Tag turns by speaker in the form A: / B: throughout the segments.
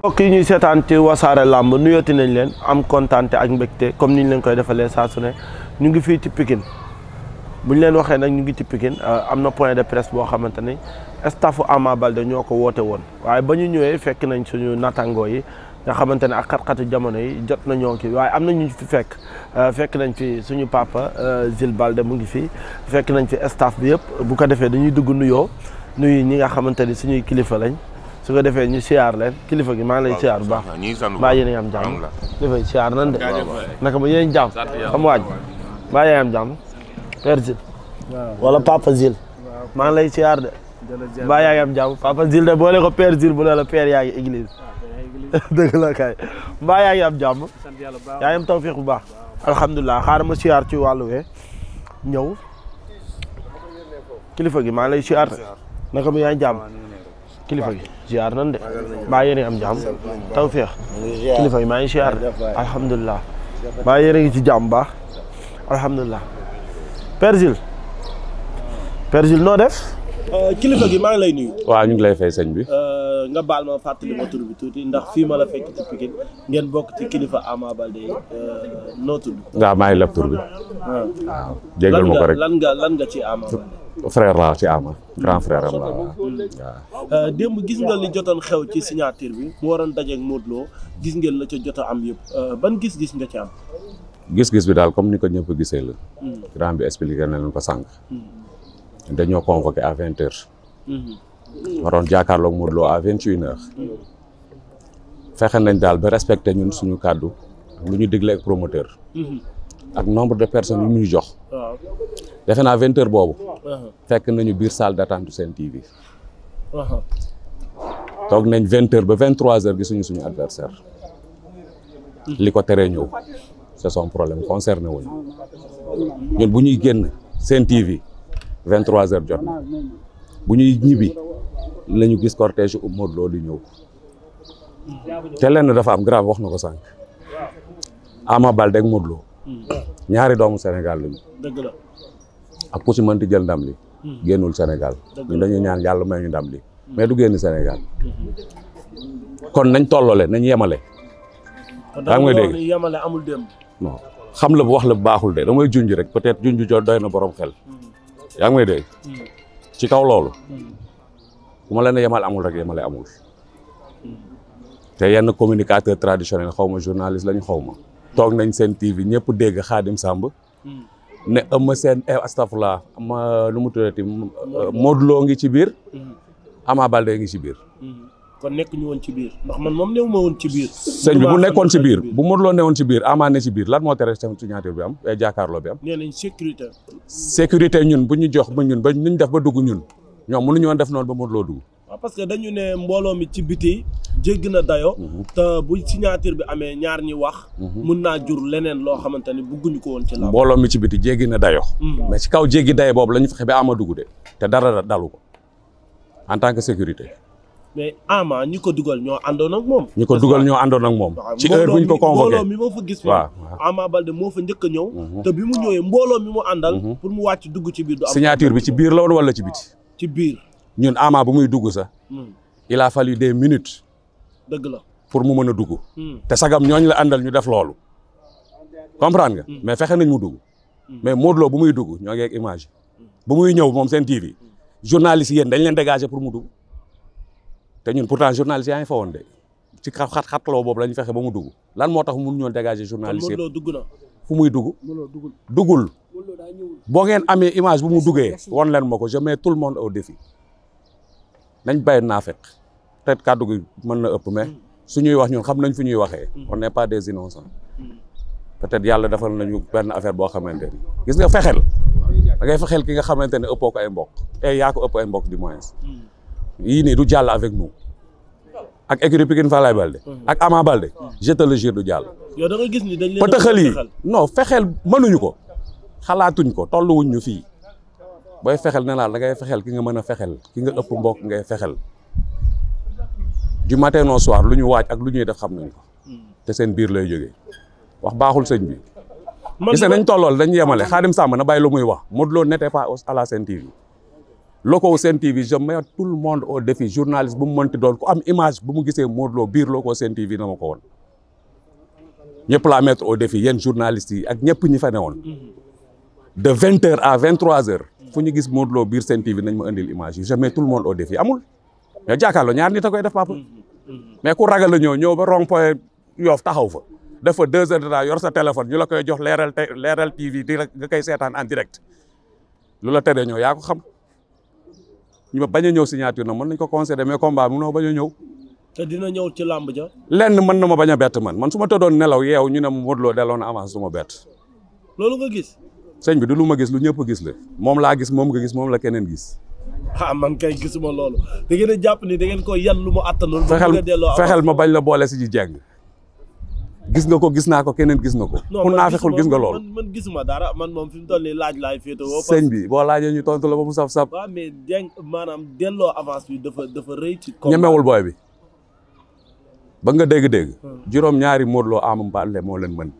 A: mbokk yi ñuy seetaan ci wasaare làmb nuyooti nañ leen am kontaante ak mbégte comme ni ñu leen koy defalee saa su ne ñu ngi fii ci Pikine bu ñu leen waxee nag ñu ngi ci Pikine euh, am na point de presse boo xamante ni staffu Ama Baldé ñoo ko woote woon waaye ba ñu ñëwee fekk nañ suñu nattangoo yi nga xamante ne ak xat-xatu jamono yi jot na ki waaye am na ñu fi fekk euh, fekk nañ fi suñu papa Zil euh, Balde mu ngi fi fekk nañ fi staff bi yëpp bu ko defee dañuy dugg nuyoo nuyu ñi nga xamante ni suñuy kilifa lañ. su ko defee ñu la leen kilifa gi maa ngi lay siyaar bu baax mbaa yéen a ngi am jàmm dafay am waaj mbaa yéen am jàmm père Zil wala papa maa ngi lay siyaar de mbaa yaa ngi am jàmm papa Zil de boole ko père Zil bu ne la père yaa ngi église ah, dëgg la kay mbaa yaa ngi am jàmm yaa ngi am tawfiq bu baax alhamdulilah xaaral ma ci wàllu wee ñëw kilifa gi maa ngi lay siyaar naka ma yaa ngi jàmm kilifa ziar nan de mbaa yéen am jàmm tawféex kilifa yi maa ngi ziar alhamdulilah mbaa yéen a ngi ci jàmm baax alhamdulilah Père Jules Père noo def euh, kilifa gi maa ngi lay nuyu
B: waaw ñu ngi lay fay sëñ bi
A: euh, nga baal ma fàttali ma tur bi tuuti ndax fii ma la fekk ci Pikine ngeen bokk ci kilifa Ama Baldé euh, noo tudd
B: waaw maa ngi lab tur bi
A: waaw jégal ma rek
B: frère laa ci Ama grand frère am la
A: euh, démb gis nga li jotoon xew ci signature bi mu waroon dajeeg Modou gis ngeen la ca jot am yëpp euh, ban gis-gis nga ci am.
B: gis-gis bi daal comme ni ko ñëpp gisee la. Hmm. grand bi expliqué na leen ko sànq. Hmm. dañoo convoqué à hmm. waroon jàkkaarloog Modou Lo à vingt et une fexe nañ daal ba respecté ñun suñu kàddu lu ñu digle ak promoteur. ak nombre de personnes yu muy jox. defe naa vingt boobu. fekk nañu biir salle d'attente seen TV. toog nañ vingt ba vingt trois heures gisuñu suñu adversaire. Hmm. li ko teree ñëw c'est son problème concerné wuñu ñun bu ñuy génn seen TV vingt trois heures jot na bu ñuy ñibbi la gis cortège u Lo di ñëw. te lenn dafa am grave wax na ko sànq. Ama Baldé ak Modou Lo ñaari doomu Sénégal lañu. dëgg la. ak ku mënti jël ndam li. Hmm. génnul Sénégal. ñun dañuy ñaan yàlla may ñu ndam li. Hmm. mais du génn Sénégal.
A: Hmm.
B: kon nañ tollole nañ yemale.
A: daa ngi may amul démb.
B: non xam la bu wax la bu baaxul de damay junj rek peut être junj jo doy na borom xel. yaa ngi may ci kaw loolu. bu ma la ne yemal amul rek yemale amul. te yenn communicateur traditionnel xaw ma journaliste lañu xaw ma. toog nañ seen TV ñëpp dégg Xaadim Samb. Hmm. ne Eumeu Sène eh, astafurlah ma lu mu tuddati Modou Lo ngi ci biir. Hmm. Ama Baldé ngi ci biir.
A: Hmm. kon nekk ñu woon ci biir ndax man moom néew woon ci biir. sëñ bi bu ci biir
B: bu Modou Lo newoon ci biir Ama ne ci biir lan moo tere seen signature bi am eh, jàkkaarloo bi am. nee nañ sécurité. ñun bu ñu jox ba ñun ba ñu def ba dugg ñun ñoom mënuñu woon def noonu ba Modou dugg.
A: waaw parce que dañu ne mbooloo mi ci biti jégg na dayo mhm. te bu signature bi amee ñaar ñi wax mhm. mun naa jur leneen loo xamante ni bugguñu ko woon ci làmb mbooloo
B: mi ci biti jéggi na dayo mm. mais ci kaw jéggi dayo boobu la ñu fexe ama dugg de te dara dalu ko en tant que sécurité
A: mais ama ñi ko dugal ñoo àndoon moom ñi ko dugal
B: ñoo àndoon ak moom ci heure buñ ko convoqué mbooloo moo fa gis waaw
A: Ama Baldé njëkk ñëw mhm. te bi mu ñëwee mbooloo mi mu àndal pur mu wàcc dugg ci biir du am signature bi ci biir la woon wala ci
B: biti ci biir ñun Ama bu muy dugg sax. Hmm. il a fallu des minutes. dëgg la pour mu mën a dugg. Hmm. te sagam ñooñu la àndal ñu def loolu. comprendre nga. Hmm. mais fexe nañ mu dugg. mais Modou Lo bu muy dugg ñoo ngi image bu muy ñëw moom seen TV. journaliste yéen dañ leen dégager pour mu dugg. te ñun pourtant journaliste yaa ngi fa woon xat xatloo boobu la ñu fexe ba mu dugg lan moo tax mun ñoo dégager journaliste yëpp dugg na fu muy dugg duggul boo ngeen amee image bu mu duggee won leen ma ko je mets tout le monde au défi nañ bay naafeq peut être kàddu gi mën na ëpp mm. su ñuy wax ñun xam nañ fu ñuy waxee mm. on n'est pas des innocents mm. peut être yàlla defal nañu benn affaire boo xamante ni gis nga fexeel da ngay fexeel ki nga xamante ne ëppoo ko ay mbokk et eh, yaa ko ëpp ay mbokk di moins yii nii du jàll avec nous ak écurie Pikine Falaye Balde ak Ama Balde je te le du jàll
A: yow da nga gis ni dañ leen pëtëxal yi
B: non fexeel mënuñu ko xalaatuñ ko tolluwuñ ñu fii booy fexel ne laal da ngay fexel ki nga mën a fexel ki nga ëpp mbokk ngay fexel du matin au soir lu ñu waaj ak lu ñuy def xam nañ ko te seen biir lay jóge wax baaxul sëñ bi.
A: gis nañ tollool dañ yemale
B: Khadim Samb na bàyyi lu muy wax Modou Lo n'était pas à la Sen TV locaux Sen TV je mets tout le monde au défi journaliste bu mu mënti doon ko am image bu mu gisee Modou Lo biir locaux Sen TV na ma ko woon ñëpp la mettre o défi yenn journalistes yi ak ñëpp ñi fa newoon de vingt heures à vingt trois fu ñu gis Modou Lo biir seen TV nañ ma indil image yi je mets tout le monde au défi amul. mais jàkkaarloo ñaar nit koy def papa. mais ku ragal a ñëw ñëw ba rond po Yoff taxaw fa. dafa deux heures de temps yor sa téléphone ñu la koy jox leeral te leeral TV di nga koy seetaan en direct. lu la teree ñëw yaa ko xam ñu bañ a ñëw signature na mën nañ ko conseillé mais combat bi munoo bañ a ñëw.
A: te dina ñëw ci làmb ja.
B: lenn mën na ma bañ a bett man man su ma tëddoon nelaw yeew ñu ne Modou Lo delloo na avance su sëñ bi du lu ma gis lu ñëpp gis la moom laa gis moom nga gis moom la keneen gis.
A: ah man kay gisuma loolu da ngeen a jàpp ni da ngeen ko yan lu mu attanul. fexeel
B: ma bañ la boole si ji jàng. gis nga ko gis naa ko keneen gis nga ko. ku naa fexul gis nga lool man
A: man gisuma dara man moom fi mu toll nii laaj laay féetewoo. sëñ bi
B: boo laajee ñu tontu la ba mu saf saf. waaw
A: maanaam delloo avance bi dafa dafa rëy ci.
B: ñemewul booy bi. ba nga dégg-dégg. Hmm. juróom ñaari Modou Lo Ama Baldé moo leen mën.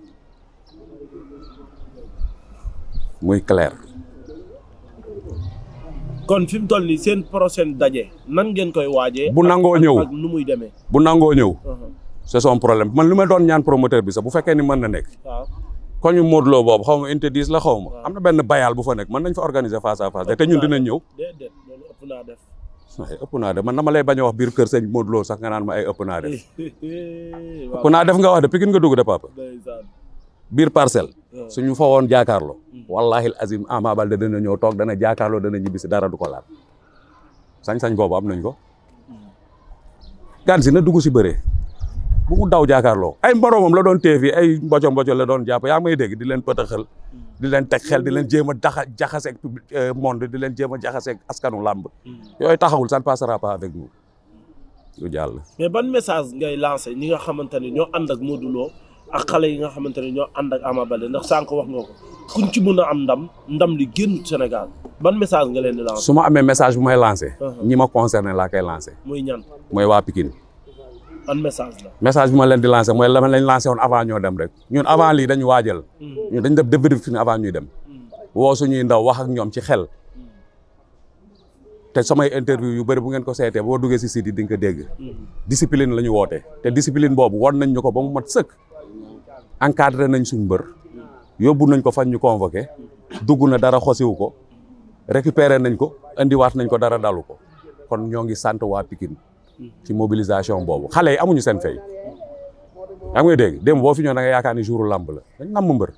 B: muy clair.
A: kon fi mu toll nii seen prochaine daje nan ngeen koy waajee. bu nangoo ñëw ak nu muy demee.
B: bu nangoo ñëw. Uh-huh. c'est son problème man li ma doon ñaan promoteur bi sax bu fekkee ni mën na nekk. waaw kon ñu Modou Lo boobu xaw ma interdit la xaw ma. am na benn bayaal bu fa nekk man nañ fa organiser face à face te ñun dinañ ñëw. déedéet ëpp naa def. waaye na ma lay bañ a wax biir kër sëñ Modou Lo sax nga naan ma ay ëpp naa def. ëpp naa def nga wax de Pikine nga dugg de papa. biir parcelle suñu fa woon jaakaarloo wallahi azim Ama Baldé dana ñëw toog dana jaakaarloo dana ñibbisi dara du ko laal sañ-sañ boobu am nañ ko gan si na dugg si bëree bu daw jaakaarloo ay mboromam la doon téye ay mboco mboco la doon jàpp yaa may dégg di leen pëtaxal di leen teg xel di leen jéem a daxa jaxaseeg euh, monde di leen jéem a jaxaseeg askanu làmb mm. yooyu taxawul ça ne passera pas avec nous du jàll
A: mais ban message ngay lancé ñi nga xamante ne ñoo ànd ak Modou Lo ak xale yi nga xamante ne ñoo ànd ak Ama Baldé ndax sànq wax nga ko kuñ ci mun a am ndam ndam li génn Sénégal ban message nga leen di lancer. su ma
B: amee message bu may lancer. Uh-huh. ñi ma concerné laa koy lancer. mooy ñan mooy waa Pikine. ban message message bi leen di lancer mooy la ma leen woon avant ñoo dem rek ñun avant lii dañu waajal. Hmm. ñun dañu def débriefing avant ñuy dem. Hmm. woo suñuy ndaw wax ak ñoom ci xel. Hmm. te samay interview yu bari bu ngeen ko seetee boo duggee si site yi di nga ko dégg. discipline la ñu woote te discipline boobu won nañ ko ba mu mat sëkk. encadré nañ suñ mbër yóbbu nañ ko fan ñu convoqué dugg na dara xosiwu ko récupéré nañ ko indiwaat nañ ko dara dalu ko kon ñoo ngi sant waa Pikine ci mobilisation boobu xale yi amuñu seen fay yaa ngi dégg démb boo fi ñëw da nga yaakaar ni jouru làmb la dañ namm mbër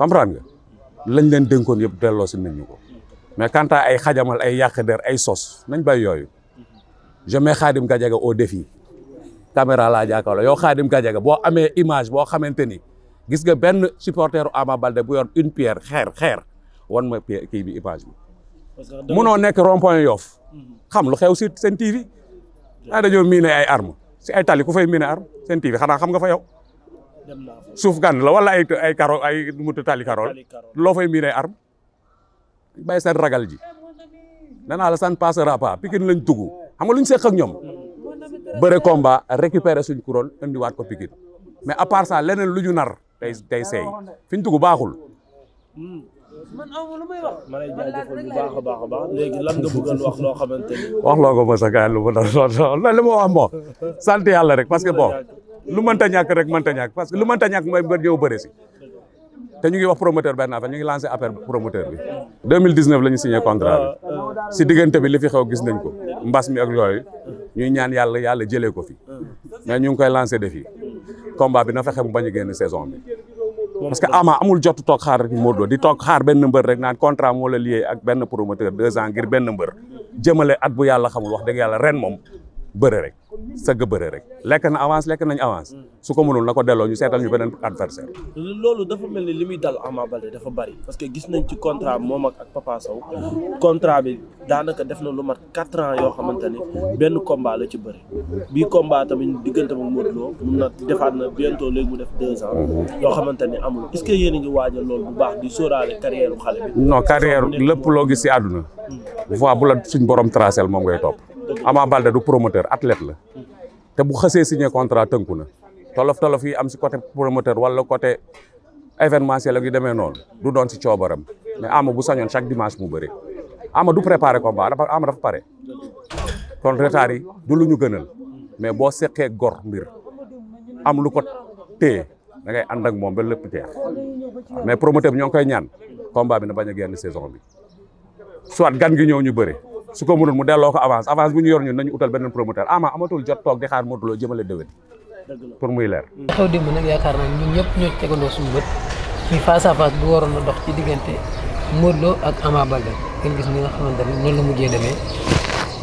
B: comprendre nga lañ leen dénkoon yëpp delloo si nañ ñu ko mais kanta ay xajamal ay yàq der ay sos nañ bàyyi yooyu je mets Khadim Gadiaga au défi caméra laa jàkkaarloo yow Khadim Gadiaga boo amee image boo xamante ni gis nga benn supporteru Ama Balde bu yor une pierre xeer xeer wan ma kii bi image mu
A: munoo nekk rond
B: point Yoff mhm. xam lu xew si seen TV. ah dañoo miine ay arme si ay tali ku seen TV xanaa xam nga fa yow. suuf gan la wala ay ay karo ay mutu tali karol loo fay miine ay arme bay seen ragal ji. danaa la san passera pas Pikine lañ dugg xam nga luñ seq ak ñoom.
C: Mhm. bëre
B: combat récupérer suñ couronne indiwaat ko Pikine mais à part ça leneen lu ñu nar tey tey seey fi ñu tugg baaxul.
C: man amul lu wax.
A: ma lay jaajëfal bu baax a baax a baax léegi wax loo xamante ni. wax
B: loo ko mos a gaañ lu ma doon lool li rek parce que bon lu mënta ñàkk rek mënta ñàkk parce lu mënta ñàkk mooy ñëw bëre si. te ñu ngi wax promoteur benn affaire ñu ngi lancé appel promoteur bi 2019 la ñu signé bi si diggante bi li fi xew gis nañ ko mbas mi ak yooyu ñuy ñaan yàlla yàlla jëlee ko fi mais ñu ngi koy lancé défi combat bi na fexe mu bañ a génn saison bi. parce que amaa amul jot toog xaar rek Modou di toog xaar benn mbër rek naan contrat moo la lié ak benn promoteur deux ans ngir benn mbër jëmale at bu yàlla xamul wax dëgg yàlla ren moom bëre rek sëgg bëre rek lekk na avance lekk nañ avance su ko mënul na ko delloo ñu seetal ñu beneen adversaire
A: loolu dafa mel ni li muy dal Ama Baldé dafa bari parce que gis nañ ci contrat moom ak ak Papa bi daanaka def na lu mat quatre ans yoo xamante ni benn combat la ci bëri bii combat tamit diggante mu Modou Lo defaat na bientôt léegi mu def deux ans yoo ni amul est-ce yéen a ngi waajal bu baax di sóoraale carrière
B: xale lépp loo gis si àdduna hmm. voie bu la suñ borom tracel moom ngay topp Ama Baldé du promoteur athlète la te bu xësee signé contrat tënku na tolof tolof yi am si côté promoteur wala côté événementiel ak yu demee noonu du doon si coobaram mais Ama bu sañoon chaque dimanche mu bëri Ama du préparé combat Ama dafa pare kon retard yi du lu ñu gënal mais boo seqee gor mbir am lu ko téye da ngay ànd ak moom ba lépp teex mais promoteur bi ñoo ngi koy ñaan combat bi na bañ a génn saison bi soit gan gi ñëw ñu bëri. su ko mënoon mu delloo ko avance avance bu ñu yor ñun nañu utal beneen promoteur ama amatul jot toog di xaar Modou jëmale déwén pour muy leer
C: xew démb nag yaakaar naa ñun ñëpp ñoo tegandoo suñu bët ci face à face bu waroon dox ci diggante Modou Lo ak Ama Baldé ngeen gis ni nga xamante ne noonu demee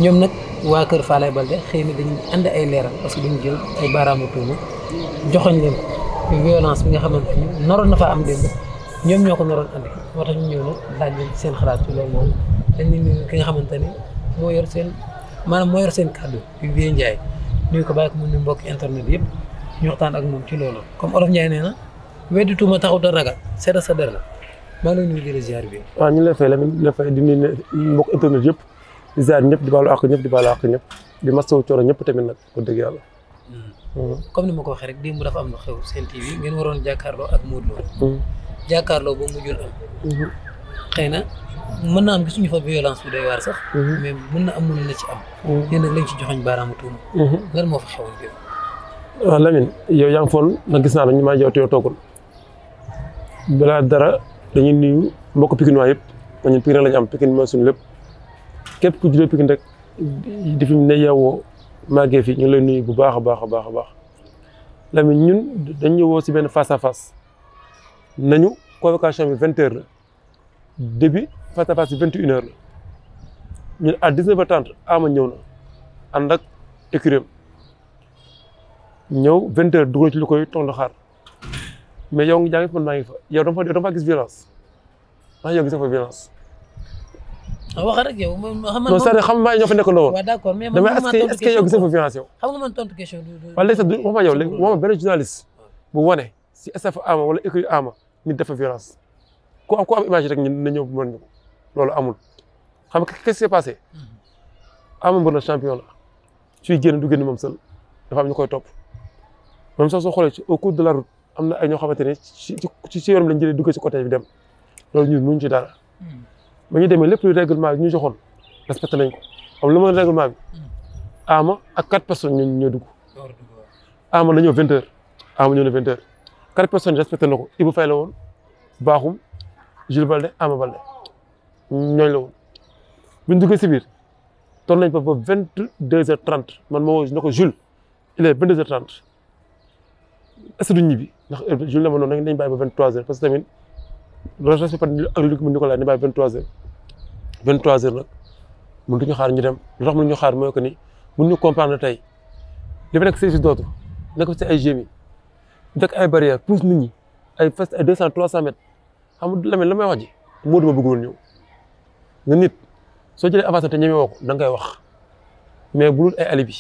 C: ñoom nag waa kër Falaye Baldé xëy na dañuy ànd ay leeral parce que dañu jël ay baaraamu tuuma joxoñ leen violence bi nga xamante ni naroon na faa am démb ñoom ñoo ko naroon andi moo tax ñu ñëw nag seen xalaat ci loolu moom dañu nuyu ki nga xamante ni moo yor seen maanaam moo yor seen kàddu yu Vieux ko bàyyi ko mu nuyu mbokk internet yëpp ñu waxtaan ak moom ci loolu. comme Olof Ndiaye nee na weddi tuuma taxaw da ragal seetal sa der la maa ngi lay nuyu bi.
D: waaw ñu ngi lay fay la ñu ngi lay fay di mbokk internet yëpp di ziar ñëpp di baalu àq ñëpp di baalu àq ñëpp di ñëpp tamit nag ko dëgg yàlla. Hmm. Hmm.
C: comme ni ma ko waxee rek démb dafa am na xew seen TV ngeen waroon jàkkaarloo ak Modou Lo. Hmm. jàkkaarloo ba mujjul am. xëy na mën na am gisuñu fa violence bu doy waar sax. Mhm. mais mën na am mën na ci am. Mhm. yéen ci joxoñ baaraamu tuuma. Mhm. lan moo fa
D: ah, yow yaa ngi foon nag gis naa ne ñu maa yow toogul balaa dara dañuy nuyu mbokk pikinois yëpp ñun Pikine lañu am Pikine mooy lépp képp ku juddoo Pikine rek di fi ne fi ñu lay nuyu bu baax a baax a baax a baax Lamine ñun dañ ñëwoo si benn face à face nañu convocation bi vingt heures la. début face a face bi vingt une heures la ñun à ama ñëw na ànd ak écurie ñëw vingt heures dugg na ci lu koy tontu xaar mais yow yaa ngi fa maa ngi fa yow dama fa gis violence ndax yow gis nga fa violence. wax rek
C: yow man xam nga. non cest à xam maa ñoo fa nekk woon. waaw d'accord mais man est-ce que violence yow. xam nga man tontu question du
D: sax du wax bu wane si SAF ama wala écurie ama violence. ku am ku am image rek ñun na ñëw mën ñu ko loolu amul xam nga qu'est-ce qui s'est passé mm-hmm. Ama Mbër la champion la suy génn du génn moom seul dafa am ñu koy topp moom sax soo xoolee ci au cours de am na ay ñoo xamante ne ci ci ci yoonam lañ jëlee duggee ci côté bi dem loolu ñun mënuñ ci dara mm-hmm. ba ñu demee lépp lu règlement bi ñu joxoon respecté nañ ko xam lu ma règlement bi mm-hmm. Ama ak quatre personnes ñoo ñoo dugg Ama la ñëw vingt am Ama ñëw na vingt heures quatre personnes respecté na ko Ibou Faye la woon baaxum Jules Balde Ama Balde ñooñu la woon buñ si biir toll nañ fa ba vingt deux heures trente man ma woo na ko Jules il est vingt deux heures trente est ce que duñ ñibbi ndax ne ma noonu nañ bàyyi ba vingt trois heures parce que tamit respect ak Luc Nicolas ni bàyyi vingt trois heures vingt trois heures mun duñu xaar ñu dem lu tax mun ñu xaar mooy que ni mun ñu comprendre tey li fi nekk service d'autre nekk fi si ay gémi nekk ay barrières pousse nit ñi ay fest ay deux cent trois cent xam nga Lamine la may wax ji Modou ma bëggoon ñëw nga nit soo jëlee avancé te ñeme woo ko da nga koy wax mais bu dul ay alibi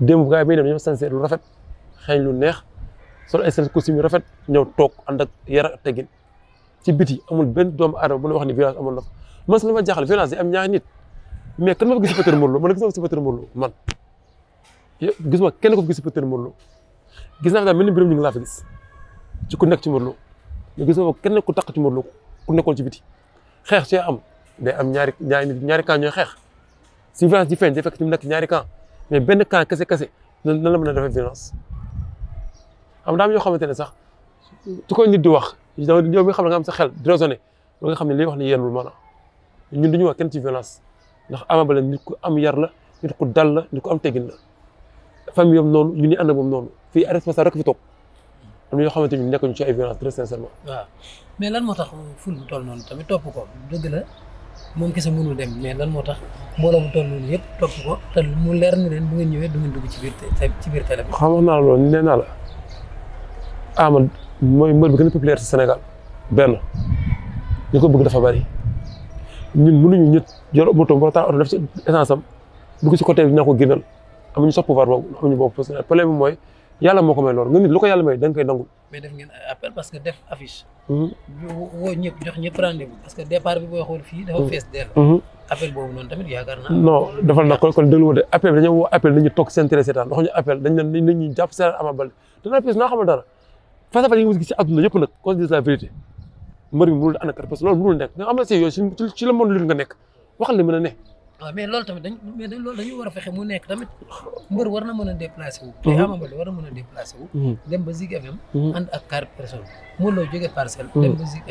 D: démb gars yi bay dem ñoom sincère lu rafet xeeñ lu neex sol ay seen costume yu rafet ñëw toog ànd ak yar ak teggin ci biti amul benn doom aadama bu wax ni violence amul na fa man si la ma jaaxal violence yi am ñaari nit mais kan ma fa gis supporter Modou Lo man gis ma supporter Modou kenn ko fi gis naa fi daal ni ñu ngi laa fa gis ci ku nekk ci Modou mais gis kenn ku taq ci Modou Lo ku nekkoon ci biti xeex cee am day am ñaari ñaari ñaari camp ñooy xeex si violence si feeñ day fekk ci mu nekk ñaari camp mais benn camp kese kese nan la mën a defee violence. am daam yoo xamante ne sax su ko nit di wax yow mi nga xam ne nga am sa xel di raisonné ba xam ne li wax ni yéenul maanaam ñun du ñu wax kenn ci violence ndax Ama Baldé nit ku am yar la nit ku dal la nit ku am teggin la famille noonu ñu ni ànd ak moom noonu fii responsable rek fi toog. am na ñoo xamante ni nekkuñu ci ay violence très sincèrement.
C: waaw mais lan moo tax ful bu toll noonu tamit topp ko dëgg la moom kese mënul dem mais lan moo tax mbooloo bu toll noonu yëpp topp ko te mu leer ni leen bu ngeen ñëwee du ngeen dugg ci biir ci biir télé bi. xam
D: nga naa loolu nee naa la Ama mooy mbër bi gën a populaire ci Sénégal benn ñu ko bëgg dafa bari ñun mënuñu ñëpp yor moto ba taal oto def ci essence am dugg ci côté bi dina ko génnal amuñu sax pouvoir boobu amuñu boobu parce que problème bi mooy. yàlla moo ko may loolu nga nit lu ko yàlla may da def ngeen hmm.
C: hmm. hmm. appel boobu noonu tamit yaakaar naa. non
D: dafa nag kon kon déglu ma de appel dañoo woo appel seen télé seetaan waxuñu appel dañ ne nit ñi jàpp seen Ama Baldé danaa fees dara face nga gis ci àdduna yëpp nag qu'on se dise la vérité mbër mi mënul ànd loolu mënul nekk nga nekk waxal li mën ne
C: waaw mais loolu tamit dañ mais dañ loolu dañu war a fexe mu nekk tamit mbër war na mën a déplacé wu te mhm. Ama Baldé war a mën a déplacé wu mhm. dem ba Zik FM mhm. ànd ak quatre personnes moo loo jógee parcelle dem ba Zik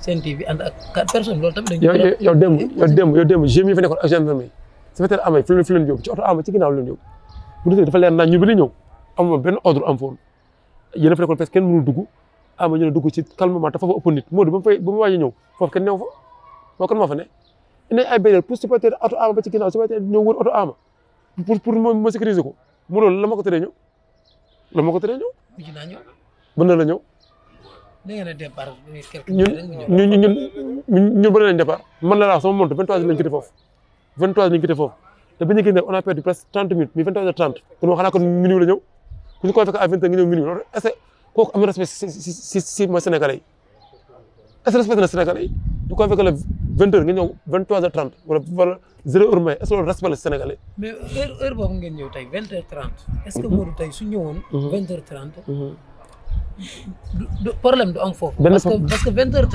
C: Sen TV ànd ak quatre personnes loolu tamit dañu yow démb
D: yow démb yow démb jeunes yi fa nekkoon ak gendarmerie su fekkee amay fi leen fi leen yóbbu ci oto ama ci ginnaaw leen yóbbu bu dee dafa leer naa ñu bi di ñëw amuma benn ordre am foon yéen a fa nekkoon parce que kenn mënul dugg ama ñu ne dugg ci calmement te foofu ëpp nit moo di ba mu fay ba mu waaj a ñëw foofu kenn new fa moo kan moo fa ne nañ ay béykat pour supporter oto Ama ba ci ginnaaw supporter ñoo wër oto Ama pour pour ma sécuriser ko mu loolu la ma ko tëree ñëw la ma ko tëree mën na la ñëw.
C: da a départ. ñun ñun ñun
D: ñu kon ñu ko fekk à 20 heures nga ñëw minuit loolu est que kooku am respect si si si si mooy Sénégalais yi est-ce que fekk la. vingt heures nga ñëw vingt trois heures trente wala wala zéro heure
C: boobu ngeen ñëw tey vingt trant trente. est ce que mhm. Modou tey su ñëwoon. Mhm. vingt heures trente. Mhm. du problème foofu. parce que parce que vingt heures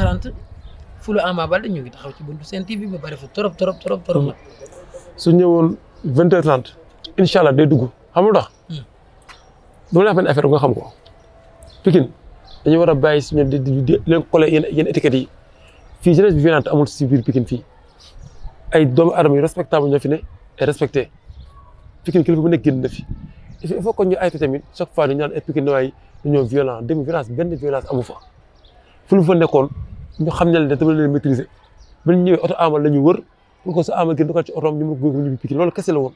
C: Ama Baldé ñu ngi taxaw ci buntu Sen TV ba bari fa trop
D: su ñëwoon vingt heures trente. incha allah day dugg xam nga la tax. Hmm. dama nga xam ko. Pikine war a bàyyi suñu di di di leen collé yenn yenn étiquettes yi. fii jeunesse bi violente amul si biir Pikine fii ay doomu aadama yu respectable ñoo fi ne et respecté Pikine kilifa bu nekk génn na fi il faut que ñu tamit chaque fois ñu naan ay Pikine waay dañoo violent demi violence violence amu fa fu lu fa nekkoon ñu xam ne ne dama leen maîtriser ba ñu ñëwee oto amal ñu wër pour que su amal gën dugal ci otoom ñu ñu Pikine loolu kese la woon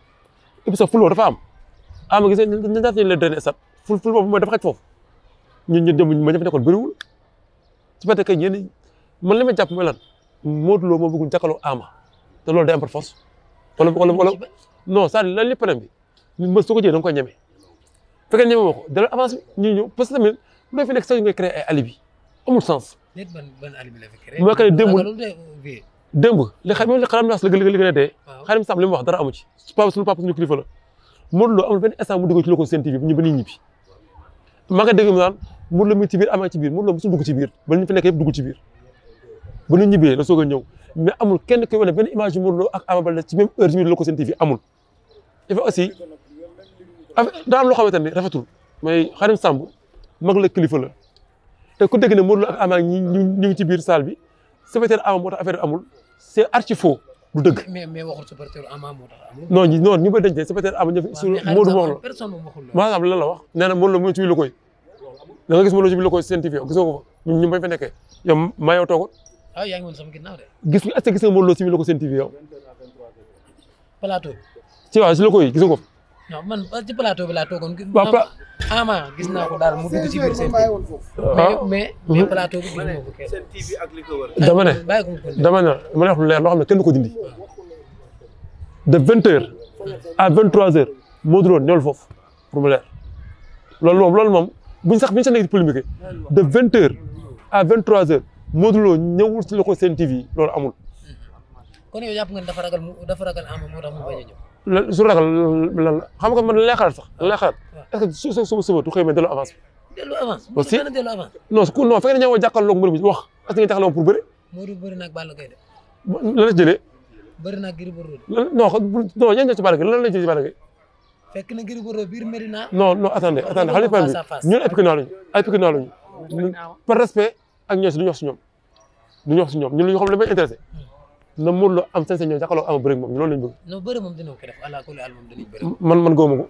D: et puis sax dafa am amal gis nañ daal ñu leen drainer sat ful ful boobu mooy foofu ñu dem ma ñëpp nekkoon bëriwul su fekkee yéen man li ma jàpp mooy lan Modou Lo moo bëgguñ jàkkaarloo Ama te loolu day am par force wala wala wala non c'est-à-dire lan li problème bi mbër su ko jëlee da nga koy ñeme fekkee ñeme woo ko dala avance bi ñuy ñëw parce que tamit loo fi nekk sax ngay créer ay alibi amul sens.
C: léegi ban ban alibi la fi créé. moo koy démb
D: démb li xam li xaram naas la li gën a dee. waaw xarim Samb li mu wax dara amu ci. su papa suñu papa suñu kilifa la Modou Lo amul benn instant mu dugg ci loolu seen TV bi ñu ba nit ñibbi maa ngi dégg mu naan Modou Lo mi ci biir amaa ci biir Modou Lo mosul dugg ci biir ba ñu fi nekk yëpp dugg ci biir bu ñu ñibbee la soog a ñëw mais amul kenn koy wane benn image yu Modou Lo ak Ama Baldé ci même heure bi la ko seen TV amul. il faut aussi ne rafetul mooy Xarim Samb mag la kilifa la ku ne Modou Lo ak Ama ñi ñu ngi ci biir salle bi supporter Ama moo tax affaire amul c'est archi faux du dëgg.
C: mais mais waxul supporter Ama moo amul. non
D: ñu non ñu ngi koy denc supporter la
C: personne waxul
D: la maanaam lan la wax nee na Modou Lo mu ci biir la koy da nga gis Modou Lo ci biir la koy seen TV ñu bañ fa nekkee yow maa yow
C: waaw ah, yaa ngi woon sama gis
D: nga est-ce gis nga Modou Lo si mi la ko seen TV yow. plateau. si la yi gis nga ko.
C: man ah, ci bi laa toogoon. waaw pla ama gis naa ko daal mu dugg ci biir seen TV. waaw ah. mais mais mhm. plateau bi. dama ne TV ak li ko wër.
D: dama ne leer loo xam kenn du ko dindi. de vingt heures à vingt trois heures Modou Lo ñëwal foofu pour leer loolu moom loolu moom buñ sax buñ sax nekk di polémique de vingt heures Modou Lo ñëwul si loxo seen TV loolu amul.
C: kon yow jàpp nga dafa ragal dafa ragal Ama moo tax mu bañ a ñëw.
D: lan su ragal lan la xam nga man lay xalaat sax lay xalaat est su suba suba du xëy ma delloo avance.
C: delloo avance mu ngi delloo avance.
D: non su non fekk na ñëw jàkkaarloo mbër bi wax est-ce que nga taxawoo pour bëri.
C: Modou bëri na ak Balla Gaye de. na ak Gris Bordeaux.
D: lan non non yéen ñoo ci Balla Gaye la jëlee ci Balla Gaye.
C: fekk na Gris Bordeaux biir Medina. non non attendez attendez xam nga
D: par respect ak ñooñu si du ñu wax si ñoom du ñu wax si ñoom ñun li ñu xam ne dañu intéressé na Modou Lo am sañ-sañ ñoom jàkkaarloo am bëri moom ñu loolu lañ bëgg.
C: non bëri moom dina ko def allah kulli aal moom dinañ bëri.
D: man man góobu ko.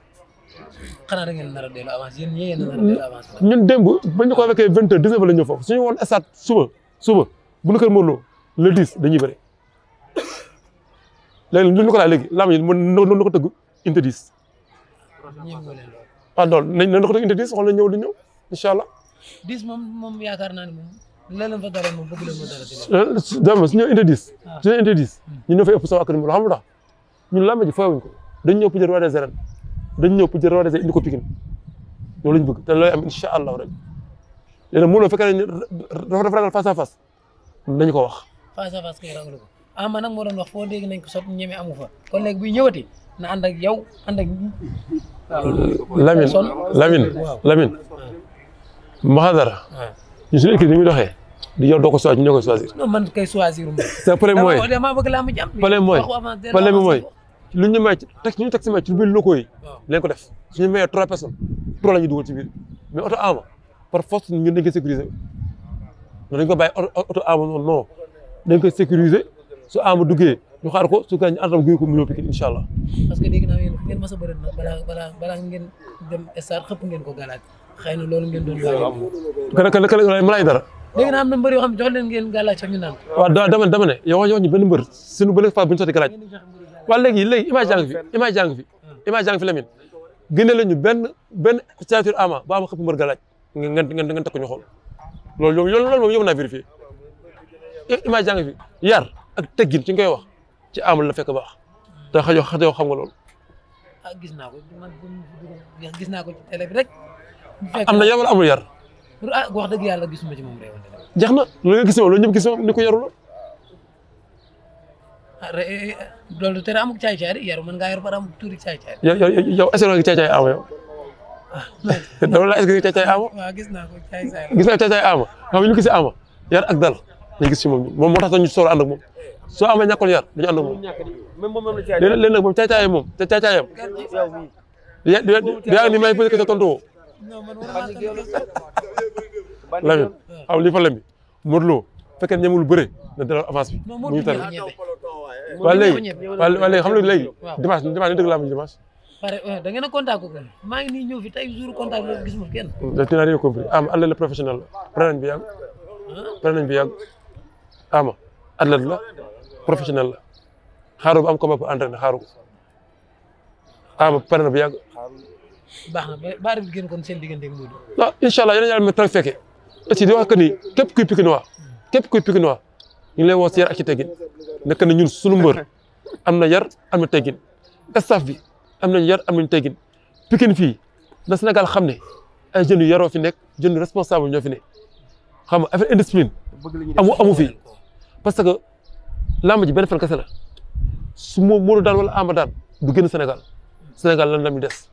C: xanaa da ngeen nar a dellu avance yéen ñii ngeen nar a dellu avance.
D: ñun démb ba ñu ko fekkee vingt heures dix neuf la ñu ñëw foofu su ñu woon stade suba suba bu ñu kër Modou Lo le dix dañuy bëri léegi lu ñu ko laaj léegi lam yi mën na ko tëgg interdis.
C: ñoom ñoo leen lool.
D: ah non nañ na ko tëgg interdis xool na ñëw di ñëw incha allah
C: dis moom moom yaakaar naa ne moom la leen fa dara moom bëgg leen fa
D: dara. dama su ñëw indi dis. su ah. ñëw indi dis. Hmm. ñun ñoo fay ëpp sa waa kër mu xam lu tax ñun làmb dañ ñëw pour jël roi des dañ ñëw pour jël roi des indi ko Pikine loolu lañ bëgg te looy am incha allahu rek léegi mënoo fekk nañ dafa ragal face à ko wax.
C: face à face kay ko ah man moo doon wax foo dégg nañ ko sot ñeme amu fa kon léegi buy ñëwati na ànd ak yow ànd ak. Lamine Lamine Lamine.
D: Mahadara. ñu suñu équipe dañuy doxee. di yow doo ko choisir ñoo koy choisir.
C: non man kay choisir moom.
D: sa problème mooy dama
C: bëgg laa ma jàpp. problème mooy problème mooy
D: lu ñu may teg ñu teg si may ci biir locaux yi. lañ ko def suñu trois personnes trois la ñuy dugal ci biir mais oto ama par force ñun dañ koy sécuriser non dañ ko bàyyi oto ama noonu non dañ koy su ama duggee ñu xaar ko su ko ñu àndal guy ko mu ñëw Pikine allah.
C: a bëri na balaa balaa balaa ngeen xëy na loolu ngeen doon laaj. ma laaj dara. dégg naa am na mbër ngeen galaaj sax ñu naan. waaw
D: dama dama ne yow wax ñu benn mbër suñu bële fa bu ñu sotti galaaj. waaw léegi léegi image jàng fi image jàng fi hmm. image jàng fi Lamine génne la ñu benn benn signature ama ba am xëpp mbër galaaj ngeen ngeen ngeen takk ñu xool loolu loolu loolu moom yóbbu naa vérifié image jàng fi yar ak teggin ci nga koy ci ama la fekk baax te xajoo xajoo xam nga loolu.
C: ah naa ko gis naa ko ci télé am na yar wala amul yar. Ah, wax dëgg yàlla gisuma ci moom réewante
D: na lu nga gis moom loolu ñëpp gis moom ni ko yarul.
C: ah eh, eh, loolu tere amul caay-caay yaru mën ngaa yar ba am tuuri caay-caay. yow yow
D: yow est-ce que caay
C: ah, gis naa ko caay-caay gis
D: naa caay-caay am xam yar ak dal ñu gis ci moom moom moo tax ñu soor ànd ak soo amee ñàkkul yar duñu ànd ak moom.
A: léeg-léeg nag moom caay-caayam
D: moom te ni may posé question tontu Lamine aw lii problème bi Modou Lo fekkee ñemul bëre na dalal avance bi mu ñu tane
C: waaw léegi waaw léegi xam
D: nga léegi dimanche dimanche ñu dëgg laa mu dimanche
C: pare eh, da ngeen a maa ngi nii ñëw fi tey jour contact la gis ma kenn
D: da tu n'as rien compris am athlète la professionnel la prenant bi yàgg prenant bi yàgg ama athlète la professionnel la xaaru bu am combat pour entraîner ama prenant bi yàgg
C: baax na ba arbitre bi génn kon seen diggante ak Modou.
D: waaw incha allah yéen a yàlla mën tànn fekke aussi di wax que ni képp kuy Pikinois hmm. képp kuy Pikinois ñu ngi lay woo si yar ak ci teggin nekk na ñun suñu mbër am na yar am na teggin staff bi am nañu yar am nañu teggin Pikine fii na Sénégal xam ne ay jeunes yu yaroo fi nekk jeunes responsable ñoo fi ne xam nga affaire indiscipline amu amu fi parce que làmb ji benn fan kese la su ma Modou daan wala Ama daan du génn Sénégal Sénégal lan la ñu des.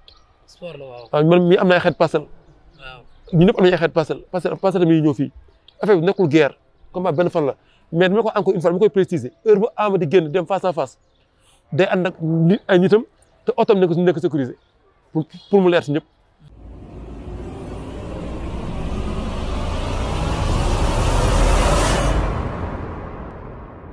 D: sport la waaw waaw man mii am na ay xeet parcelle. waaw ñun ñëpp am nañu ay xeet parcelle parcelle parcelle mi ñëw fii affaire bi nekkul guerre combat benn fan la mais dama ko encore une fois dama koy préciser heure bu Ama di génn dem face à face day ànd ak nit ay nitam te otom nekk nekk sécurisé pour pour mu leer si ñëpp.